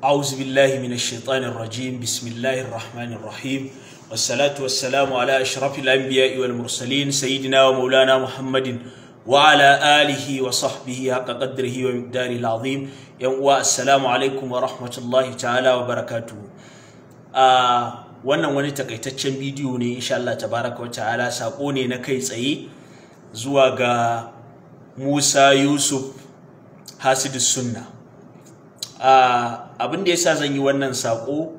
أعوذ بالله من الشيطان الرجيم بسم الله الرحمن الرحيم والصلاة والسلام على أشرف الأنبياء والمرسلين سيدنا ومولانا محمد وعلى آله وصحبه حق قدره ومقداره العظيم يوم السلام عليكم ورحمة الله تعالى وبركاته آه wannan wani takaitaccen bidiyo ne insha Allah tabaraka ta'ala sako ne na kai tsaye zuwa ga Musa Yusuf Hasidus Sunna a abin da yasa zan yi wannan sako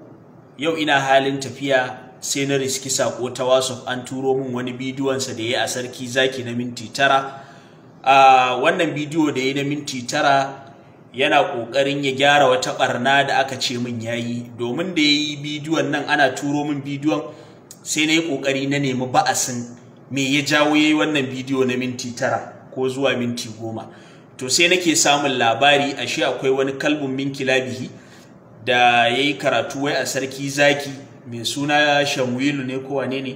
yau ina halin tafiya sai na riski sako ta WhatsApp an turo min wani bidiyonsa sa da yayi a sarki zaki na minti tara a wannan bidiyo da yayi na minti tara yana kokarin ya gyara wata barna da aka ce min yayi domin da yayi bidiyon nan ana turo min bidiyon sai na yi kokari na nemi ba'asin me ya jawo yayi wannan bidiyo na minti tara ko zuwa minti goma to sai nake samun labari ashe akwai wani kalbin min kilabihi da ya yi karatu wai a sarki zaki mai suna shanwilu ne ko wane ne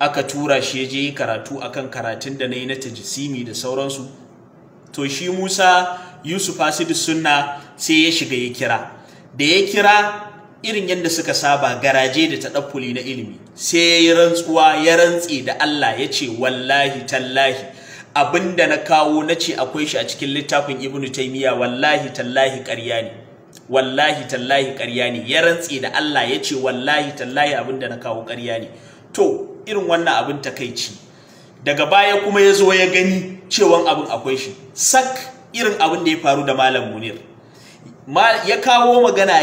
aka tura shi ya je yi karatu akan karatun da na yi na tajisimi da sauransu to shi musa yusuf asidu sunna sai ya shiga ya kira da ya kira irin yadda suka saba garaje da taɗaffuli na ilimi sai ya yi rantsuwa ya rantse da allah ya ce wallahi tallahi abinda na kawo na ce akwai shi a cikin littafin ibnu taimiyya wallahi tallahi ƙarya ne wallahi tallahi ƙarya ne ya rantse da Allah ya ce wallahi tallahi abin da na kawo ƙarya ne to irin wannan abin takaici daga baya kuma ya zo ya gani cewan abin akwai shi sak irin abin da ya faru da malam munir ya kawo magana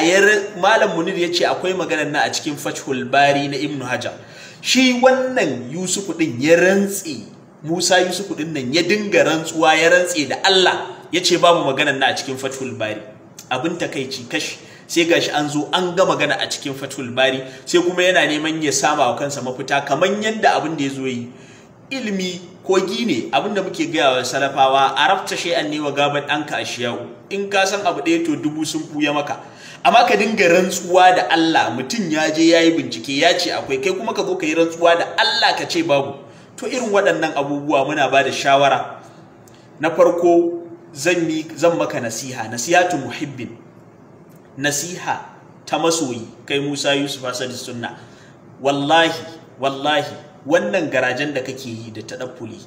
malam munir ya ce akwai maganar na a cikin fathul bari na ibnu hajar shi wannan yusufu din ya rantse musa yusufu din nan ya dinga rantsuwa ya rantse da allah ya ce babu maganar na a cikin fathul bari abin takaici kashi sai gashi an zo an ga magana a cikin fatul bari sai kuma yana neman ya sama wa kansa mafita kamar yadda abin da ya zo yi Ilimi, kogi ne abin da muke gaya wa salafawa a rafta shay'an ne wa gaban anka ashiyau in ka san abu ɗaya to dubu sun buya maka amma ka dinga rantsuwa da Allah mutum ya je ya yi bincike ya ce akwai kai kuma ka zo ka yi rantsuwa da Allah ka ce babu to irin waɗannan abubuwa muna ba da shawara na farko zan yi zan maka nasiha nasihatu muhibbin nasiha ta masoyi kai Musa Yusuf Asad Sunna wallahi wallahi wannan garajen da kake yi da tadaffuli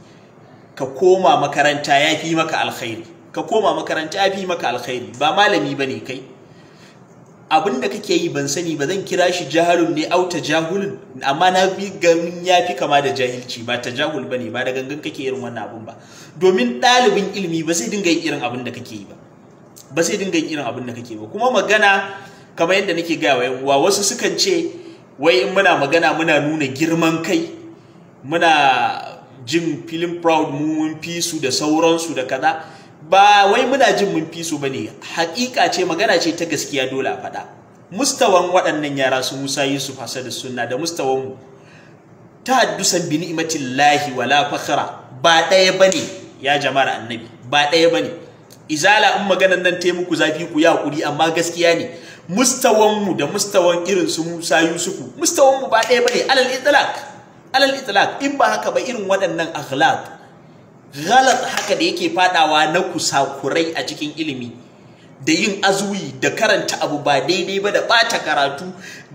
ka koma makaranta yafi maka alkhairi ka koma makaranta yafi maka alkhairi ba malami ba ne kai abin da kake yi ban sani ba zan kira shi jaharun ne au tajahulun amma na fi ganin ya fi kama da jahilci ba tajahul ba ne ba da gangan kake irin wannan abin ba domin ɗalibin ilimi ba sai dinga yin irin abin da kake yi ba ba sai dinga yin irin abin da kake ba kuma magana kamar yadda nake gaya wa uwa wasu sukan ce wai in muna magana muna nuna girman kai muna jin filin proud mu mun fi su da sauransu da kaza ba wai muna jin mun fi su bane Hakika ce magana ce ta gaskiya dole a faɗa mustawan waɗannan yara su Musa Yusuf Hassan da Sunna da mustawan mu tahaddusan bi ni'matillahi wala fakhra ba ɗaya bane ya jama'ar annabi ba ɗaya bane izala in maganan nan tai muku zafi ku ya hakuri amma gaskiya ne mustawan mu da mustawan irin su Musa Yusuf mustawan mu ba ɗaya bane alal itlaq alal itlaq in ba haka ba irin waɗannan akhlaq galat haka da yake fadawa na kusakurai a cikin ilimi da yin azuyi da karanta abu ba daidai ba da ɓata karatu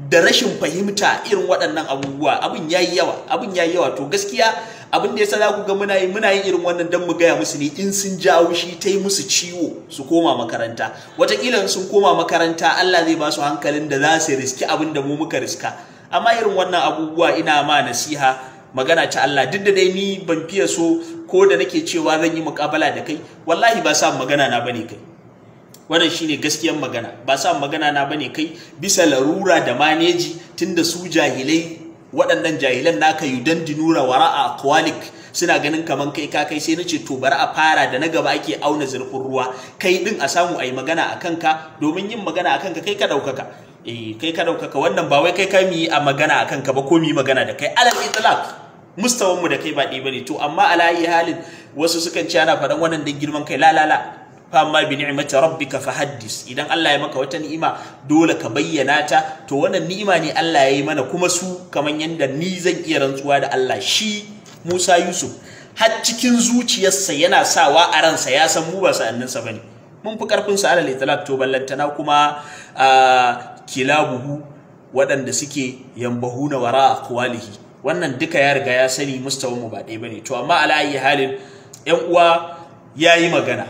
da rashin fahimta irin waɗannan abubuwa abin yayi yawa abin yayi yawa to gaskiya abin da yasa za ku ga muna yi muna yin irin wannan dan mu gaya musu ne in sun jawo shi ta yi musu ciwo su koma makaranta wataƙila in sun koma makaranta Allah zai ba su hankalin da za su riski abin da mu muka riska amma irin wannan abubuwa ina ma nasiha magana ci Allah duk da dai ni ban fiye so ko da nake cewa zan yi mukabala da kai wallahi ba sa magana na bane kai wannan shine gaskiyar magana ba sa magana na bane kai bisa larura da maneji tunda su jahilai waɗannan jahilan naka yudan dinura wara'a akwalik suna ganin kaman kai ka kai sai nace to bari a fara da na gaba ake auna zurfin ruwa kai din a samu ayi magana a kanka domin yin magana a kanka kai ka daukaka eh kai ka ka wannan ba wai kai ka mi a magana a kanka ba ko mi magana da kai alal itlaq mustawan mu da kai ba ɗaya bane to amma ala ayi halin wasu sukan ci ana faɗan wannan dan girman kai la la la amma bi ni'mati rabbika fahaddis idan Allah ya maka wata ni'ima dole ka bayyana ta to wannan ni'ima ne Allah ya yi mana kuma su kaman yanda ni zan iya rantsuwa da Allah shi Musa Yusuf har cikin zuciyarsa yana sawa a ransa ya san mu ba sa'anninsa bane mun fi karfin sa alal itlaq to ballantana kuma ah, kilabuhu waɗanda suke yambahuna wara kwalihi wannan duka ya riga ya sani mustawan mu ba dai bane to amma ala ayi halin yan uwa yayi magana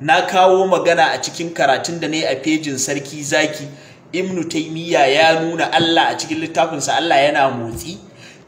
na kawo magana a cikin karatun da ne a fejin sarki zaki ibnu taymiya ya nuna Allah a cikin littafin sa Allah yana motsi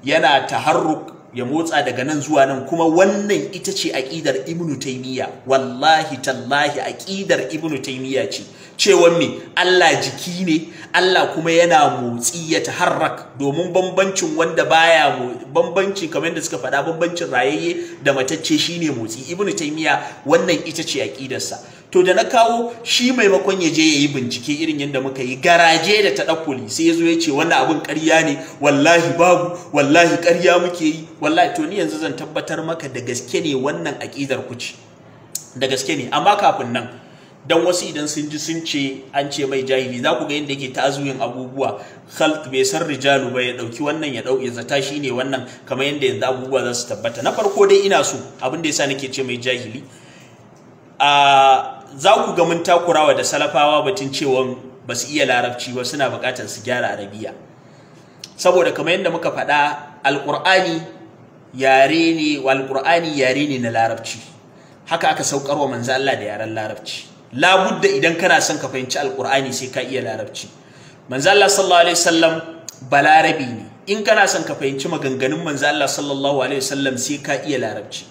yana taharruk ya motsa daga nan zuwa nan kuma wannan ita ce aƙidar ibnu taimiyya wallahi tallahi aƙidar ibnu taymiya ce cewan me Allah jiki ne Allah kuma yana motsi ya taharrak domin bambancin wanda baya bambanci kamar yadda suka faɗa bambancin rayayye da matacce shine motsi ibnu taymiya wannan ita ce aqidarsa to da na kawo shi maimakon ya je ya yi bincike irin yadda muka yi garaje da ta taɗakuli sai ya zo ya ce wannan abin ƙarya ne wallahi babu wallahi ƙarya muke yi wallahi to ni yanzu zan tabbatar maka da gaske ne wannan aƙidar ku ce da gaske ne amma kafin nan dan wasu idan sun ji sun ce an ce mai jahili za ku ga yadda yake ta'azuyin abubuwa khalq bai san rijalu ba ya dauki wannan ya dauki zata shine wannan kamar yadda yanzu abubuwa za su tabbata na farko dai ina so abin da yasa nake ce mai jahili a za ku ga mun takurawa da salafawa batun cewa ba su iya larabci ba suna bukatar su gyara arabiya saboda kamar yadda muka faɗa alqur'ani yare ne wal yare ne na larabci haka aka saukar wa manzo Allah da yaren larabci labudda idan kana son ka fahimci alkur'ani sai ka iya larabci manzo Allah sallallahu alaihi wasallam balarabi ne in kana son ka fahimci maganganun manzo Allah sallallahu alaihi wasallam sai ka iya larabci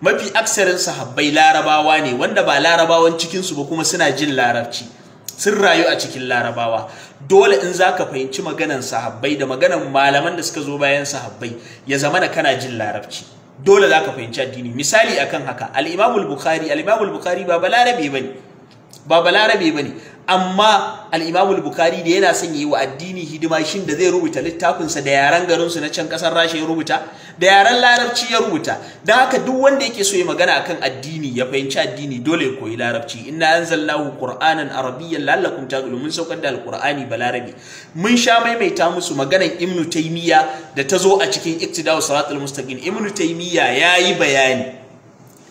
mafi aksarin sahabbai larabawa ne wanda ba larabawan cikin su ba kuma suna jin larabci sun rayu a cikin larabawa dole in za ka fahimci maganan sahabbai da maganan malaman da suka zo bayan sahabbai ya zama na kana jin larabci dole za ka fahimci addini misali akan haka al-imamul bukhari al-imamul bukhari ba balarabe bane ba balarabe ba ne amma al'imamu bukari da yana son yi wa addini hidima shin da zai rubuta littafinsa da yaren garinsu na can ƙasar rasha ya rubuta da yaren larabci ya rubuta don haka duk wanda yake so ya magana akan addini ya fahimci addini dole ya koyi larabci inna anzalnahu qur'anan arabiyyan Lallakun taqilun mun saukar da alqur'ani Balarabe. mun sha maimaita musu maganar ibnu taymiya da ta zo a cikin iktida'u siratal mustaqim ibnu taymiya yi bayani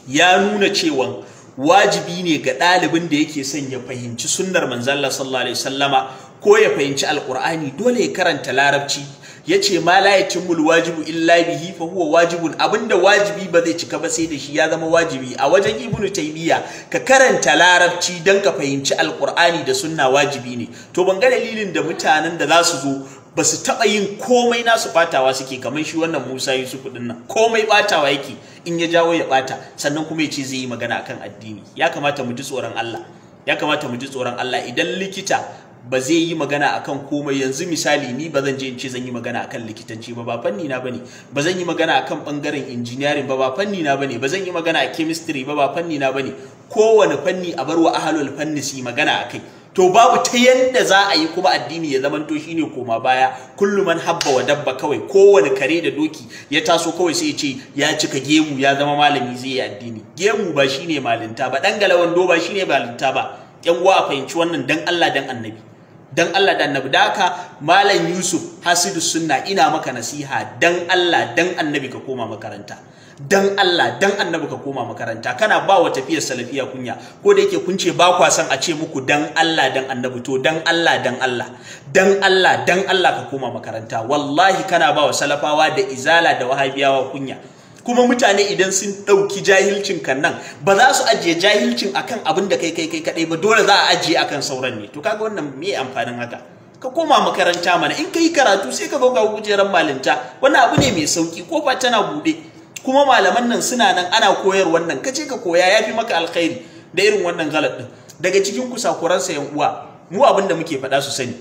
ya nuna cewa wajibi ne ga ɗalibin da yake son ya fahimci sunnar manzalla sallallahu alaihi wasallama ko ya fahimci alkur'ani dole ya karanta larabci ya ce ma la mul wajibu illa bihi fa huwa wajibun abinda wajibi ba zai cika ba sai da shi ya zama wajibi a wajen ibnu taymiya ka karanta larabci don ka fahimci alkur'ani da sunna wajibi ne to ban ga dalilin da mutanen da za su zo ba su taɓa yin komai nasu ɓatawa suke kamar shi wannan Musa Yusuf ɗin nan komai ɓatawa yake in ya jawo ya ɓata sannan kuma ya ce zai yi magana akan addini ya kamata mu ji tsoron Allah ya kamata mu ji tsoron Allah idan likita ba zai yi magana akan komai yanzu misali ni ba zan je in ce zan yi magana akan likitanci ba ba fanni na bane ba zan yi magana akan bangaren engineering ba ba fanni na bane ba zan yi magana a chemistry ba ba fanni na bane kowane fanni a barwa ahalul fanni su yi magana kai. to babu ta yadda za a yi kuma addini ya zamanto shi ne koma baya kullum man habba wa dabba kawai kowane kare da doki ya taso kawai sai ya ce ya cika gemu ya zama malami zai yi addini gemu ba shi ne malinta ba dan galawan do ba ne malinta ba yan uwa a fahimci wannan dan Allah dan annabi dan Allah dan annabi da haka malam Yusuf hasidu sunna ina maka nasiha dan Allah dan annabi ka koma makaranta dan Allah dan annabi ka koma makaranta kana ba wa tafiyar salafiya kunya ko da yake kun ce ba kwa san a ce muku dan Allah dan annabi to dan Allah dan Allah dan Allah dan Allah ka koma makaranta wallahi kana ba wa salafawa da izala da wahabiyawa kunya kuma mutane idan sun ɗauki jahilcin kan nan ba za su ajiye jahilcin akan abin da kai kai kai kaɗai ba dole za a ajiye akan sauran ne to kaga wannan me amfanin haka ka koma makaranta mana in ka yi karatu sai ka zo ga kujerar malinta wani abu ne mai sauki ko ba tana buɗe kuma malaman nan suna nan ana koyar wannan kace ka koya yafi maka alkhairi da irin wannan galat din daga cikin kusakuransa yan uwa mu abin da muke faɗa su sani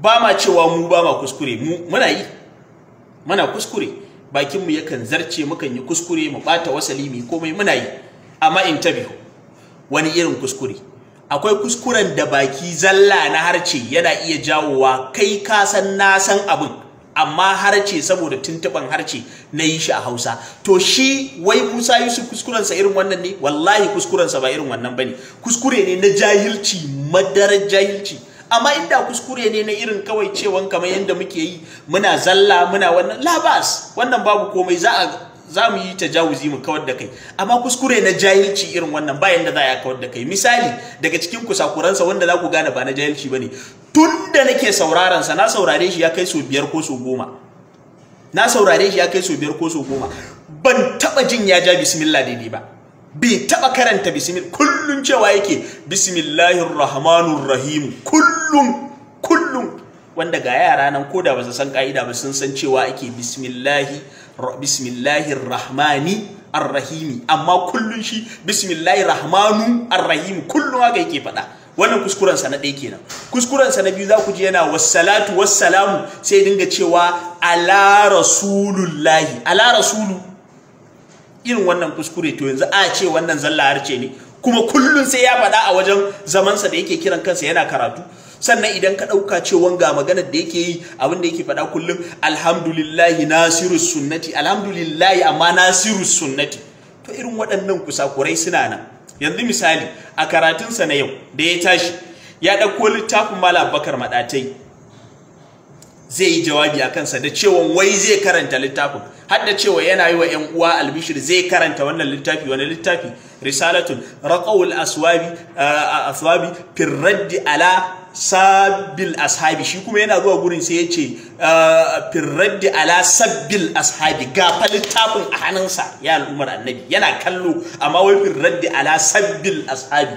ba ma cewa mu ba ma kuskure mu muna yi muna kuskure bakinmu yakan zarce mukan yi kuskure mu bata wasali mu komai muna yi amma interview wani irin kuskure akwai kuskuren da baki zalla na harce yana iya jawowa kai ka san na san abin amma harce saboda tuntuban harce na yi shi a Hausa to shi wai Musa Yusuf kuskurensa irin wannan ne wallahi kuskurensa ba irin wannan bane kuskure ne na jahilci madarar jahilci amma inda kuskure ne na irin kawai cewan kamar yadda muke yi muna zalla muna wannan labas wannan babu komai za a za mu yi tajawuzi mu kawar da kai amma kuskure na jahilci irin wannan bayan da za a kawar da kai misali daga cikin kusakuransa wanda za ku gane ba na jahilci bane tun da nake saurarensa na saurare shi ya kai so biyar ko so goma na saurare shi ya kai so biyar ko so goma ban taba jin ya ja bismillah daidai ba bai taɓa karanta bismillah kullun cewa yake bismillahir rahmanur rahim kullun kullun wanda ga yara nan ko da ba su san ka'ida ba sun san cewa ake bismillahi bismillahir rahmani rahimi amma kullun shi bismillahir rahmanu rahim kullun haka yake faɗa wannan kuskuren sa na ɗaya kenan kuskuren sa na biyu za ku ji yana wassalatu wassalamu sai dinga cewa ala rasulullahi ala rasulu irin wannan kuskure to yanzu a ce wannan zalla harce ne kuma kullun sai ya faɗa a wajen zamansa da yake kiran kansa yana karatu sannan idan ka ɗauka cewan ga maganar da yake yi abin da yake faɗa kullum alhamdulillahi nasiru sunnati alhamdulillahi amma nasiru sunnati to irin waɗannan kusakurai suna nan yanzu misali a karatunsa na yau da ya tashi ya ɗauko littafin mala abubakar maɗatai zai yi jawabi a kansa da cewa wai zai karanta littafin har da cewa yana yi wa ‘yan uwa albishir zai karanta wannan littafi wani littafi risalatun raƙawul aswabi firraddi ala sabbil ashabi shi kuma yana zuwa gurin sai ya ce firraddi ala sabbil ashabi ga fa littafin a hannunsa ya al'ummar annabi yana kallo amma wai firraddi ala sabbil ashabi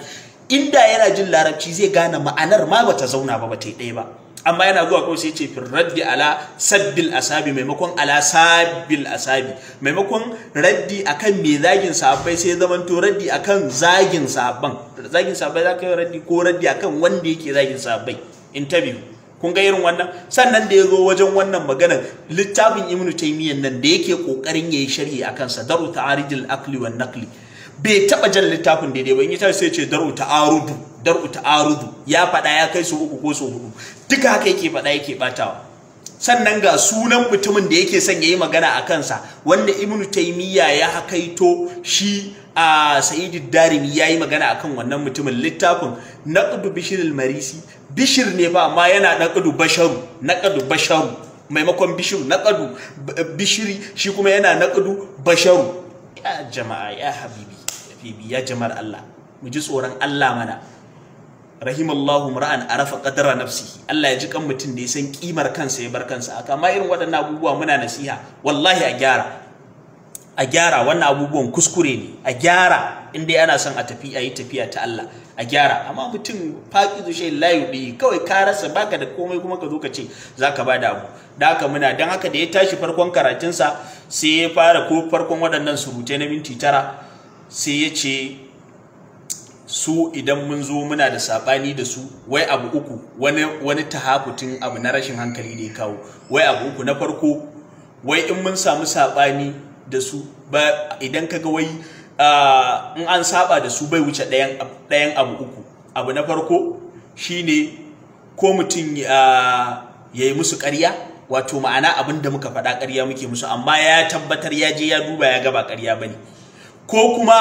inda yana jin larabci zai gane ma'anar ma bata zauna ba bata yi ɗaya ba amma yana zuwa kawai sai ce raddi ala sabbil asabi maimakon ala sabbil asabi maimakon raddi akan me zagin sahabbai sai zaman to raddi akan zagin sahabban zagin sahabbai za ka yi raddi ko raddi akan wanda yake zagin sahabbai interview kun ga irin wannan sannan da ya zo wajen wannan maganar littafin ibnu taymiyyah nan da yake kokarin yayi sharhi akan sa daru ta'aridil akli wan nakli bai taba jan littafin daidai ba in yi sai ce daru ta'arudu dar'u ta'arudu ya faɗa ya kai su uku ko su hudu duka haka yake faɗa yake ɓatawa sannan ga sunan mutumin da yake son ya yi magana a kansa wanda ibnu taimiyya ya hakaito shi a sa'idu darimi ya yi magana akan wannan mutumin littafin naqdu bishir marisi bishir ne ba amma yana naqdu basharu naqdu basharu maimakon bishir naqdu bishiri shi kuma yana naqdu basharu ya jama'a ya habibi ya jama'ar Allah mu ji tsoron Allah mana rahimallahu mura'an arafa kadara nafsi Allah ya ji kan mutum da ya san kimar kansa ya bar kansa haka ma irin waɗannan abubuwa muna nasiha wallahi a gyara a gyara wannan abubuwan kuskure ne a gyara in dai ana son a tafi a yi tafiya ta Allah a gyara amma mutum faƙi zushe layu ɗi kawai ka rasa baka da komai kuma ka zo ka ce za ka ba da abu da haka muna don haka da ya tashi farkon karatunsa sai ya fara ko farkon waɗannan surutai na minti tara sai ya ce su idan mun zo muna da saɓani da su wai abu uku wani wani abu na rashin hankali ne kawo wai abu uku na farko wai in mun samu saɓani da su ba idan kaga wai ah, in an saba da su bai wuce ɗayan abu uku abu na farko shine ko mutum ya yi musu karya. wato ma'ana abin da muka faɗa karya muke musu amma ya tabbatar ya je ya duba ya gaba ƙarya bane ko kuma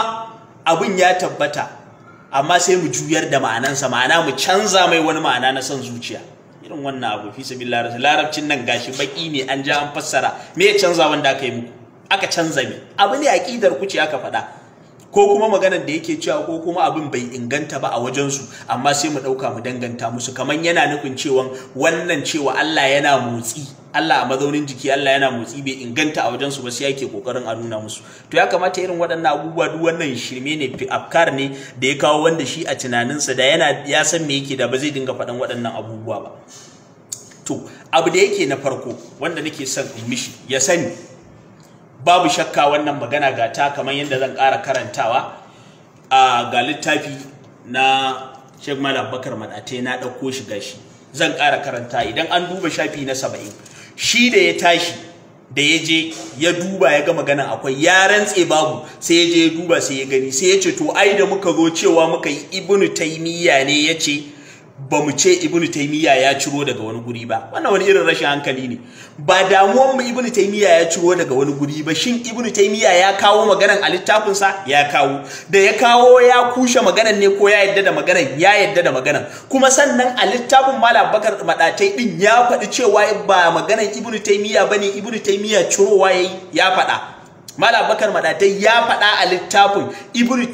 abin ya tabbata amma sai mu juyar da ma'anansa ma'ana mu canza mai wani ma'ana na son zuciya irin wannan abu fi sabilillah larabcin nan gashi baki ne an ja an fassara me ya canza wanda aka yi muku aka canza me abu ne aqidar ku ce aka faɗa ko kuma maganar da yake cewa ko kuma abin bai inganta ba a wajensu amma sai mu ɗauka mu danganta musu kamar yana nufin cewa wannan cewa Allah yana motsi Allah a mazaunin jiki Allah yana motsi bai inganta a wajensu ba sai yake kokarin a nuna musu to ya kamata irin waɗannan abubuwa duk wannan shirme ne afkar ne da ya kawo wanda shi a tunaninsa da yana ya san me yake da ba zai dinga faɗan waɗannan abubuwa ba to abu da yake na farko wanda nake son in mishi ya sani babu shakka wannan magana ga ta kamar yadda zan ƙara karantawa a ga littafi na Sheikh Malam Bakar Madate na ɗauko shi gashi zan ƙara karanta idan an duba shafi na saba'in shi da ya tashi da ya je ya duba ya ga magana akwai ya rantse babu sai ya je ya duba sai ya gani sai ya ce to ai da muka zo cewa muka yi ibnu taymiya ne ya ce ba mu ce ibnu taimiyya ya ciro daga wani guri ba wannan wani irin rashin hankali ne ba damuwan mu ibnu taimiyya ya ciro daga wani guri ba shin ibnu taimiyya ya kawo maganan a littafinsa? ya kawo da ya kawo ya kushe maganan ne ko ya yadda da maganan ya yadda da maganan kuma sannan a littafin malam bakar madatai din ya faɗi cewa ba maganan ibnu taimiyya bane ibnu taimiyya cirowa yayi ya faɗa Mala Bakar Madatai ya faɗa a littafin Ibn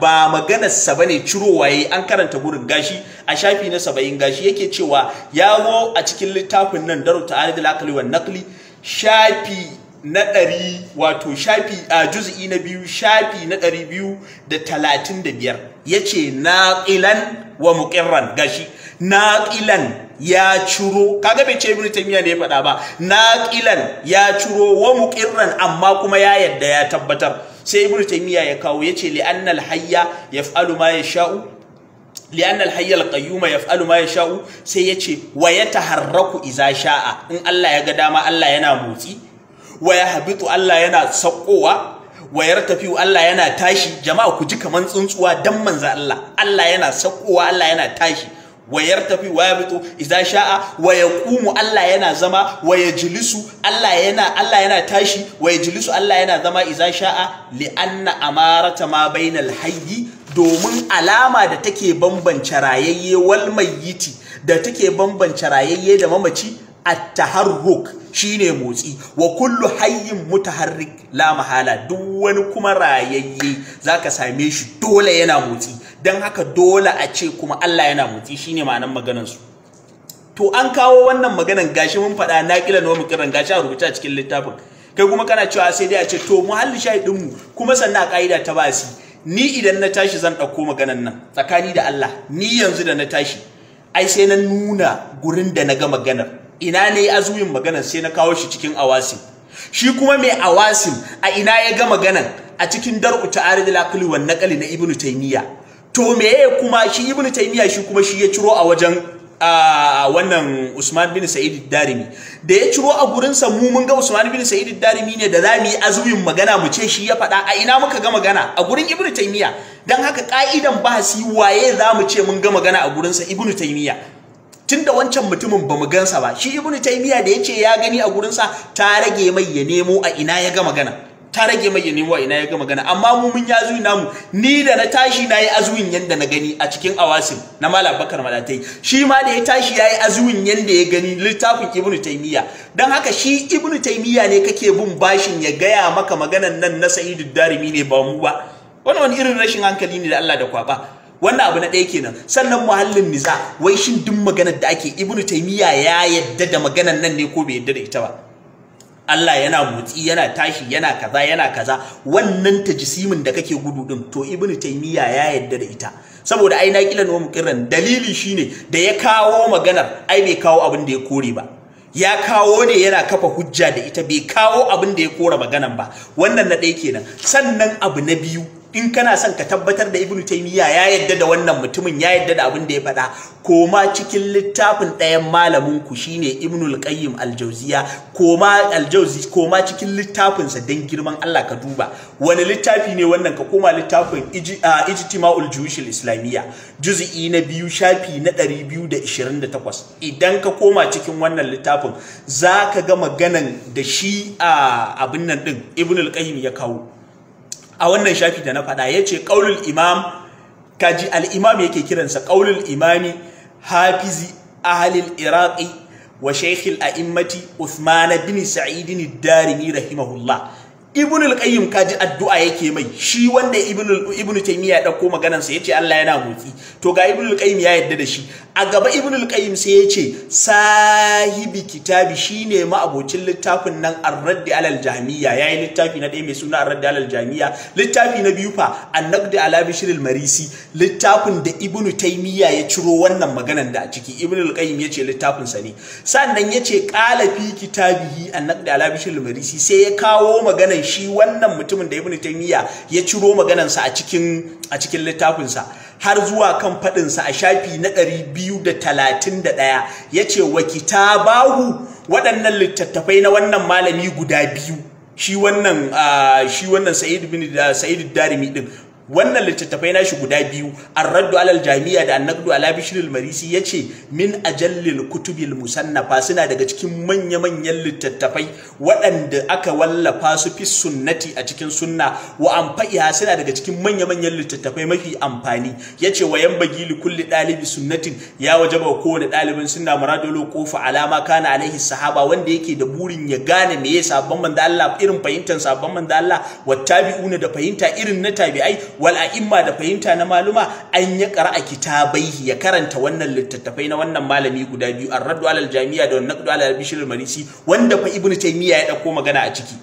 ba maganarsa bane cirowa yayi an karanta gurin gashi a shafi na 70 gashi yake cewa ya zo a cikin littafin nan Daru Ta'aridul Aqli wan Naqli shafi na ɗari wato shafi a juz'i na biyu shafi na ɗari biyu da talatin da biyar ya ce naƙilan wa muƙirran gashi Naƙilan ya ciro kaga bai ce ibnu taymiya ne ya faɗa ba Naƙilan ya ciro wa muqirran amma kuma ya yadda ya tabbatar sai ibnu taymiya ya kawo yace li annal hayya yaf'alu ma yasha'u li'anna al-hayy al-qayyum yaf'alu ma yasha'u sai yace wa yataharraku idza sha'a in Allah ya ga dama Allah yana motsi wa yahbitu Allah yana sakkowa wa yartafiu Allah yana tashi jama'a ku ji kaman tsuntsuwa dan manzo Allah Allah yana sakkowa Allah yana tashi wa tafi wa yabitu iza sha'a wa yaqumu Allah yana zama wa yajlisu Allah yana Allah yana tashi wa jilisu Allah yana zama iza sha'a li anna amarata ma bainal hayyi domin alama da take bambance rayayye wal mayyiti da take bambance rayayye da mamaci at-taharruk shine motsi wa kullu hayyin mutaharrik la mahala duk wani kuma rayayye zaka same shi dole yana motsi dan haka dole a ce kuma Allah yana motsi shine ma'anar maganar su to an kawo wannan maganar gashi mun faɗa na kila mu kiran gashi a rubuta cikin littafin kai kuma kana cewa sai dai a ce to muhalli shahidin mu kuma sannan ka'ida ta basi ni idan na tashi zan ɗauko maganar nan tsakani da Allah ni yanzu da na tashi ai sai na nuna gurin da na ga maganar ina ne azumin maganan sai na kawo shi cikin awasim shi kuma mai awasim a ina ya ga maganan a cikin dar'u ta'aridul aqli wan naqli na ibnu taymiya to meye kuma shi ibnu taymiya shi kuma shi ya ciro a wajen wannan Usman bin Sa'id Darimi da ya ciro a gurinsa mu mun ga Usman bin Sa'id Darimi ne da za mu yi azumin magana mu ce shi ya faɗa a ina muka ga magana a gurin Ibn Taymiya dan haka ka'idan ba bahasi waye za mu ce mun ga magana a gurinsa Ibn Taymiya Tun da wancan mutumin ba mu gansa ba shi ibnu taymiya da ya ce ya gani a gurinsa ta rage mai ya nemo a ina ya ga magana ta rage mai ya nemo a ina ya ga magana amma mu mun ya namu ni da na tashi nayi azuwin yanda na gani a cikin Awasin, na malam bakar malatai shi ma da ya tashi ya yi azuwin yanda ya gani littafin ibnu taymiya Don haka shi ibnu taymiya ne kake bin bashin ya gaya maka maganan nan na sa'idu darimi ne ba mu ba wannan wani irin rashin hankali ne da Allah da kwaba wannan abu na ɗaya kenan sannan muhallin niza wai shin duk maganar da ake ibnu taymiya ya yadda da maganar nan ne ko bai yadda da ita ba Allah yana motsi yana tashi yana kaza yana kaza wannan ta tajisimin da kake gudu din to ibnu taymiya ya yadda da ita saboda ai na kilan wa kirran dalili shine da ya kawo maganar ai bai kawo abin da ya kore ba ya kawo ne yana kafa hujja da ita bai kawo abin da ya kore maganan ba wannan na ɗaya kenan sannan abu na biyu in kana son ka tabbatar da ibnu taymiya ya yadda da wannan mutumin ya yadda da abin da ya faɗa koma cikin littafin ɗayan malamin ku shine ibnu al-qayyim al-jawziya koma al-jawzi koma cikin littafin sa dan girman Allah ka duba wani littafi ne wannan ka koma littafin ijtima'ul juyush islamiyya juz'i na biyu shafi na 228 idan ka koma cikin wannan littafin zaka ga maganan da shi a abin nan din ibnu al ya kawo a wannan shafi da na faɗa ya ce ƙaulul imam kaji al'imam yake kiransa ƙaulul imami hafizi ahalil iraqi wa shaikhil a'immati usmana bin sa'idini darimi rahimahullah ibn al-qayyim kaji addu'a yake mai shi wanda ibn ibn taymiya ya dauko maganar sa yace Allah yana motsi to ga ibn al-qayyim ya yadda da shi a gaba ibn al-qayyim sai yace sahibi kitabi shine ma abocin littafin nan ar-radd alal jahmiya yayi littafi na ɗaya mai suna ar-radd alal jahmiya littafi na biyu fa an-naqd ala bishr al-marisi littafin da ibn taymiya ya ciro wannan maganar da a ciki ibn al-qayyim yace littafin sa ne sannan yace qala fi kitabihi an-naqd ala bishr al-marisi sai ya kawo maganar kai shi wannan mutumin da ibn taymiya ya ciro maganansa a cikin cikin littafinsa har zuwa kan faɗinsa a shafi na 231 biyu da talatin da ɗaya ya ce wa kitabahu waɗannan littattafai na wannan malami guda biyu shi wannan shi sa'id darimi din wannan littattafai nashi guda biyu ar-raddu alal jami'a da an-naqdu ala bishril marisi yace min ajallil kutubil musannafa suna daga cikin manya-manyan littattafai waɗanda aka wallafa su fi sunnati a cikin sunna wa amfa'iha suna daga cikin manya-manyan littattafai mafi amfani Ya ce wa 'yan bagili kulli ɗalibi sunnatin ya wajaba kowane ɗalibin sunna muradulu kofa alama kana alaihi sahaba wanda yake da burin ya gane me ya sabon manzo Allah irin fahimtar sabon manzo Allah na da fahimta irin na tabi'ai wal da fahimta na maluma an ya a kitabai ya karanta wannan littattafai na wannan malami guda biyu a raddu alal jami'a da wannan naqdu alal bishr marisi wanda fa ibnu taymiya taymiya ya ɗauko magana a ciki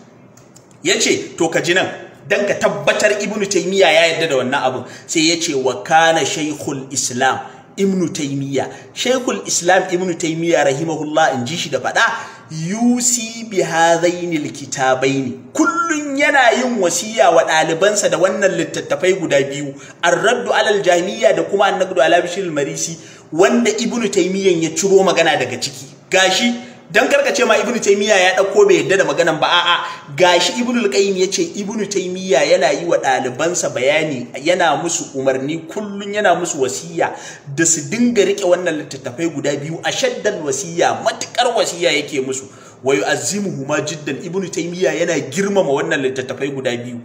yace to ka ji nan don ka tabbatar ibnu Taimiyya ya yarda da wannan abun sai yace wa kana shaikhul islam ibnu Taimiyya. shaikhul islam ibnu rahima rahimahullah in ji shi da faɗa yusi bi hadainil ne. kullun yana yin wasiya wa ɗalibansa da wannan littattafai guda biyu ar-raddu alal jahmiya da kuma an-naqdu ala marisi wanda ibnu Taimiyyan ya ciro magana daga ciki gashi dan karkace ma ibnu taymiya ya dauko bai yadda da maganan ba a'a gashi ibnu alqayyim yace ibnu taymiya yana yi wa ɗalibansa bayani yana musu umarni kullun yana musu wasiya da su dinga rike wannan littattafai guda biyu a shaddan wasiya matukar wasiya yake musu azimu huma jiddan ibnu taymiya yana girmama wannan littattafai guda biyu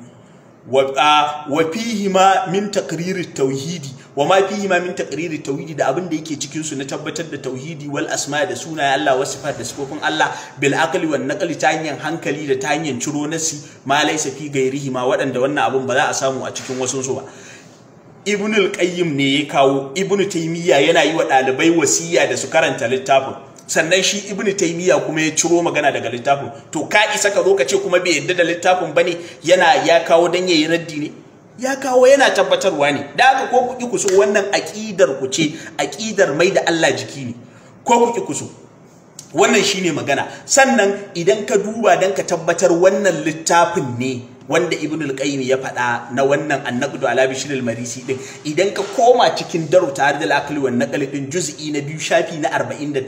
wa ma min taqririr tauhidi wa ma min tauhidi da abin da yake cikinsu na tabbatar da tauhidi wal asma da sunaye Allah wasu sifat da sifofin Allah bil akali wa naqli ta hanyar hankali da ta hanyar ciro nasi ma laysa fi gairihi ma waɗanda wannan abin ba za a samu a cikin wasu su ba ibnul qayyim ne ya kawo ibnu taymiya yana yi wa ɗalibai wasiya da su karanta littafin sannan shi ibn taymiya kuma ya ciro magana daga littafin to ka isa ka zo ka ce kuma bai yadda da littafin ne? yana ya kawo dan yayi raddi ne ya kawo yana tabbatarwa ne da haka ko ku ku so wannan aqidar ku ce aqidar mai da Allah jiki ne ko ku ku so wannan shine magana sannan idan ka duba dan ka tabbatar wannan littafin ne wanda ibn qayyim ya faɗa na wannan annaqdu ala bishr al-marisi din idan ka koma cikin daru tare da al-aqli wan naqli din juz'i na biyu shafi na 49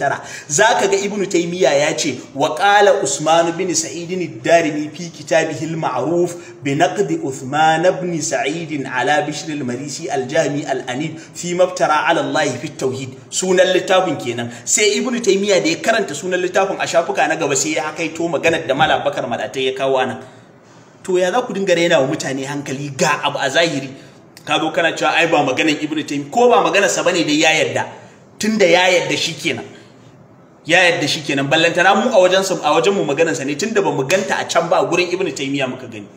zaka ga ibn taymiya ya ce wa qala usman bin sa'id ad-darimi fi kitabihi al-ma'ruf bi naqd usman ibn sa'id ala bishr al-marisi al-jami al-anid fi mabtara ala allah fi tauhid sunan littafin kenan sai ibn taymiya da ya karanta sunan littafin a shafuka na gaba sai ya to maganar da malam bakar madatai ya kawo anan to ya za ku dinga raina wa mutane hankali ga abu a zahiri ka zo kana cewa ai ba maganar ibnu taymi ko ba maganar sa bane dai ya yarda tunda ya yarda shikenan ya yarda shikenan ballantana mu a wajen a wajen mu maganar sa ne tunda ba mu ganta a can ba gurin ibnu taymiya muka gani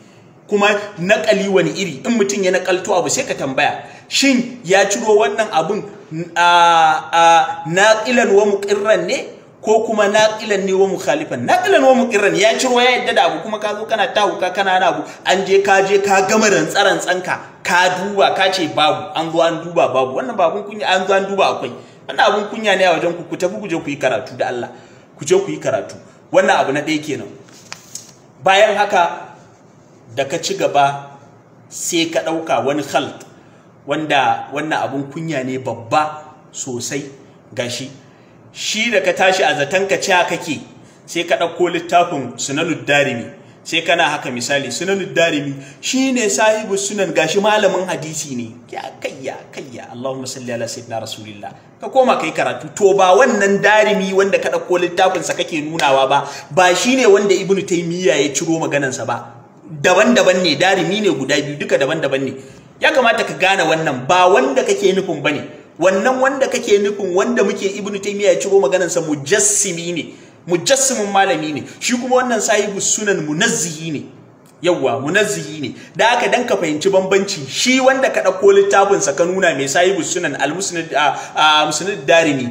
kuma naƙali wani iri in mutum ya naƙalto abu sai ka tambaya shin ya ciro wannan abun a naqilan wa muqirran ne ko kuma naqilan ne wa mukhalifan naqilan wa muqirran ya ciro ya yadda da abu kuma ka zo kana ta huka kana na abu an je ka je ka gama rantsaran tsanka ka duba ka ce babu an zo an duba babu wannan babun kunya an zo an duba akwai wannan abun kunya ne a wajen ku ku tafi ku je ku yi karatu da Allah ku je ku yi karatu wannan abu na ɗaya kenan bayan haka da ka ci gaba sai ka ɗauka wani khalt wanda wannan abun kunya ne babba sosai gashi shi da ka tashi a zaton ka cewa kake sai ka ɗauko littafin sunanud darimi sai kana haka misali sunanud darimi shine sahibu sunan gashi malamin hadisi ne ya kayya kayya Allahumma salli ala sayyidina rasulillah ka koma kai karatu to ba wannan darimi wanda ka ɗauko littafin sa kake nunawa ba ba shine wanda ibnu taymiya ya ciro sa ba daban-daban ne darimi ne guda biyu duka daban-daban ne ya kamata ka gane wannan ba wanda kake nufin bane wannan wanda kake nufin wanda muke ibnu taymiya ya ciro maganar sa mujassimi ne mujassimin malami ne shi kuma wannan sahibu sunan munazzihi ne yawwa munazzihi ne da aka dan ka fahimci bambanci shi wanda ka ɗauko littafin sa ka nuna mai sahibu sunan al-musnad darimi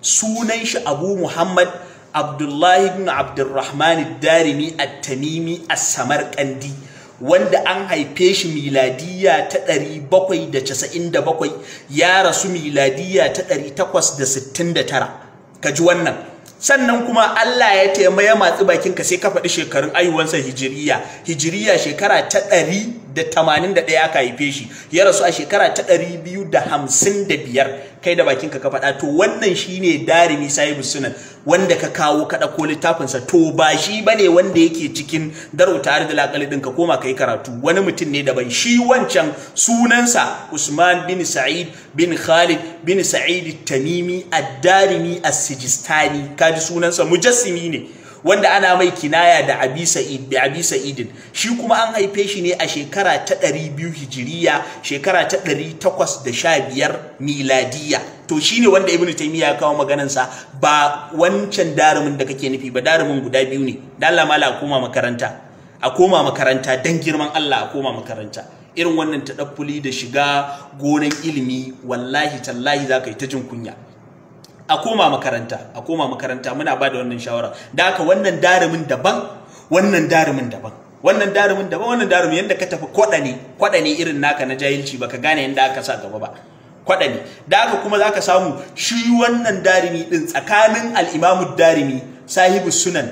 sunan shi abu muhammad abdullahi bin abdurrahman darimi at-tamimi as-samarqandi wanda an haife shi miladiya ta 797 ya rasu miladiya ta 869 kaji wannan sannan kuma Allah ya taimaka ya matsi bakin ka sai ka faɗi shekarun ayyuwansa hijiriya hijiriya shekara ta 181 aka haife shi ya rasu a shekara ta 255 kai da bakin ka faɗa to wannan shine darimi sahibu sunan wanda ka kawo ka littafin littafinsa to ba shi bane wanda yake cikin daro tare da lakali din ka koma kai karatu wani mutum ne daban shi wancan sunansa Usman bin Sa'id bin Khalid bin Sa'id Tamimi ad-Darimi as-Sijistani kaji sunansa mujassimi ne wanda ana mai kinaya da abi sa'idin shi kuma an haife shi ne a shekara ta 200 hijiriya shekara ta 815 miladiya to shi ne wanda ibnu taymiya ya kawo maganansa sa ba wancan darumin da kake nufi ba darumin guda biyu ne dan Allah mala koma makaranta a koma makaranta dan girman Allah a koma makaranta irin wannan tadaffuli da shiga gonan ilimi wallahi tallahi zaka yi ta jin kunya a koma makaranta a koma makaranta muna ba da wannan shawara da haka wannan darumin daban wannan darumin daban wannan darumin daban wannan darumin yadda ka tafi kwaɗa ne kwaɗa ne irin naka na jahilci baka gane yadda aka sa gaba ba kwaɗa ne da haka kuma za ka samu shi wannan darimi din tsakanin al'imamu darimi sahibu sunan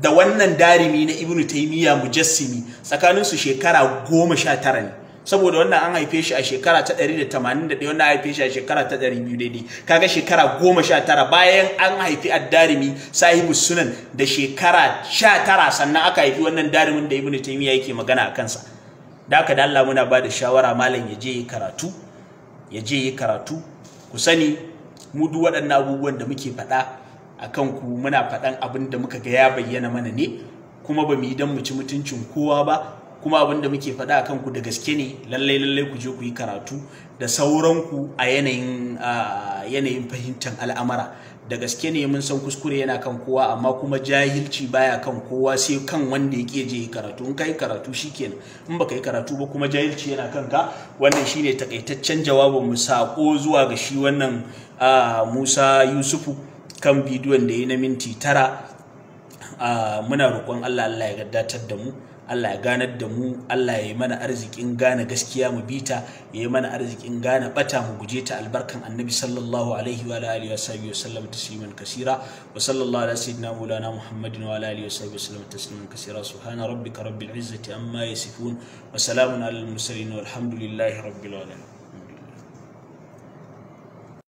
da wannan darimi na ibnu taimiyya mujassimi tsakaninsu shekara goma sha tara ne saboda wannan an haife shi a shekara ta 181 wannan an haife shi a shekara ta 200 daidai kaga shekara 19 bayan an haifi a darimi sahibu sunan da shekara 19 sannan aka haifi wannan darimin da ibnu taymiya yake magana a kansa da haka da Allah muna ba da shawara malam ya je karatu ya je karatu ku sani mu duk waɗannan abubuwan da muke faɗa akan ku muna faɗan abin da muka ga ya bayyana mana ne kuma ba mu yi don mu ci mutuncin kowa ba kuma abin da muke faɗa akan ku da gaske ne lallai lallai ku je ku yi karatu da sauranku a yanayin yanayin fahimtar al'amara da gaske ne mun san kuskure yana kan kowa amma kuma jahilci baya kan kowa sai kan wanda yake je karatu in ka yi karatu shikenan in baka yi karatu ba kuma jahilci yana kan ka? wannan shine takaitaccen jawabin mu sako zuwa ga shi wannan Musa Yusufu kan bidiyon da ya na minti tara muna roƙon Allah Allah ya gaddatar da mu Allah ya ganar da mu Allah ya yi mana arzikin gane gaskiya mu bita ya yi mana arzikin gane bata mu guje ta albarkan annabi sallallahu alaihi wa alihi wa sahbihi wa sallam tasliman kasira wa sallallahu ala sayyidina maulana muhammadin wa alihi wa sahbihi wa sallam tasliman kasira subhana rabbika rabbil izzati amma yasifun wa salamun alal mursalin walhamdulillahi rabbil alamin